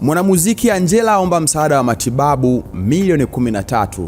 Mwanamuziki Angela aomba msaada wa matibabu milioni 13.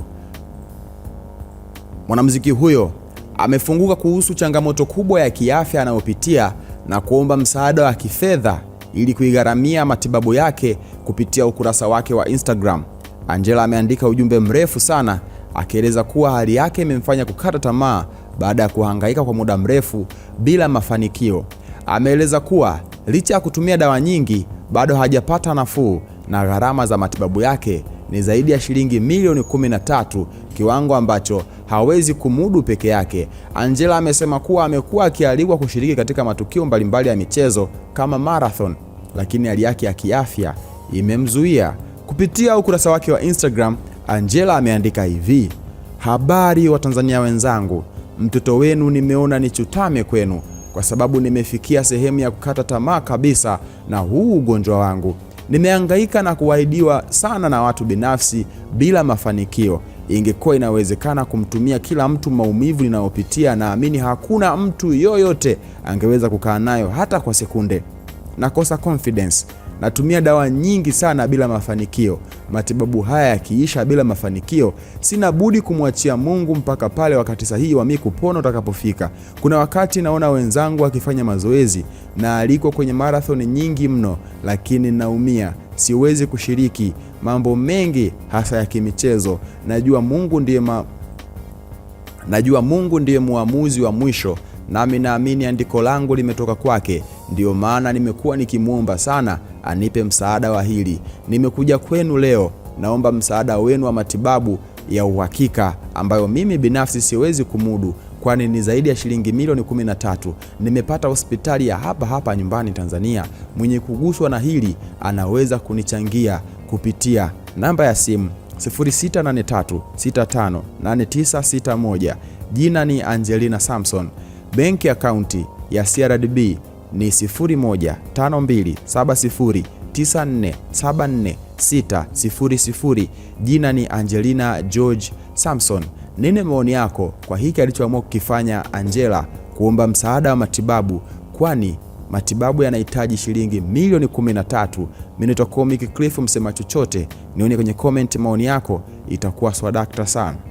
Mwanamuziki huyo amefunguka kuhusu changamoto kubwa ya kiafya anayopitia na kuomba msaada wa kifedha ili kuigharamia matibabu yake kupitia ukurasa wake wa Instagram. Angela ameandika ujumbe mrefu sana akieleza kuwa hali yake imemfanya kukata tamaa baada ya kuhangaika kwa muda mrefu bila mafanikio. Ameeleza kuwa Licha ya kutumia dawa nyingi, bado hajapata nafuu na gharama za matibabu yake ni zaidi ya shilingi milioni 13, kiwango ambacho hawezi kumudu peke yake. Angela amesema kuwa amekuwa akialikwa kushiriki katika matukio mbalimbali ya michezo kama marathon, lakini hali yake ya kiafya imemzuia. Kupitia ukurasa wake wa Instagram, Angela ameandika hivi: habari wa Tanzania wenzangu, mtoto wenu nimeona nichutame kwenu kwa sababu nimefikia sehemu ya kukata tamaa kabisa na huu ugonjwa wangu. Nimehangaika na kuahidiwa sana na watu binafsi bila mafanikio. Ingekuwa inawezekana kumtumia kila mtu maumivu ninayopitia, naamini hakuna mtu yoyote angeweza kukaa nayo hata kwa sekunde nakosa confidence, natumia dawa nyingi sana bila mafanikio. Matibabu haya yakiisha bila mafanikio, sina budi kumwachia Mungu mpaka pale wakati sahihi wa mimi kupona utakapofika. Kuna wakati naona wenzangu akifanya mazoezi na aliko kwenye marathoni nyingi mno, lakini naumia, siwezi kushiriki mambo mengi, hasa ya kimichezo. Najua Mungu ndiye ma... najua Mungu ndiye muamuzi wa mwisho, nami naamini andiko langu limetoka kwake. Ndiyo maana nimekuwa nikimwomba sana anipe msaada wa hili. Nimekuja kwenu leo, naomba msaada wenu wa matibabu ya uhakika ambayo mimi binafsi siwezi kumudu kwani ni zaidi ya shilingi milioni 13 nimepata hospitali ya hapa hapa nyumbani Tanzania. Mwenye kuguswa na hili anaweza kunichangia kupitia namba ya simu 0683658961. Jina ni Angelina Samson, benki akaunti ya CRDB ni 015270947460 jina ni Angelina George Samson. Nini maoni yako kwa hiki alichoamua kukifanya Angela kuomba msaada wa matibabu, kwani matibabu yanahitaji shilingi milioni 13? Minitokomic Cliff msema chochote, nione kwenye comment maoni yako, itakuwa swadakta sana.